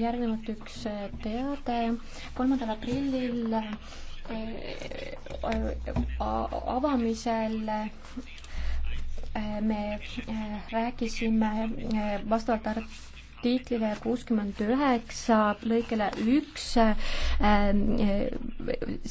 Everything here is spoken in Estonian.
järgnevalt üks äh, teade. kolmandal aprillil äh, äh, avamisel me rääkisime vastavalt artiklile kuuskümmend üheksa lõikele üks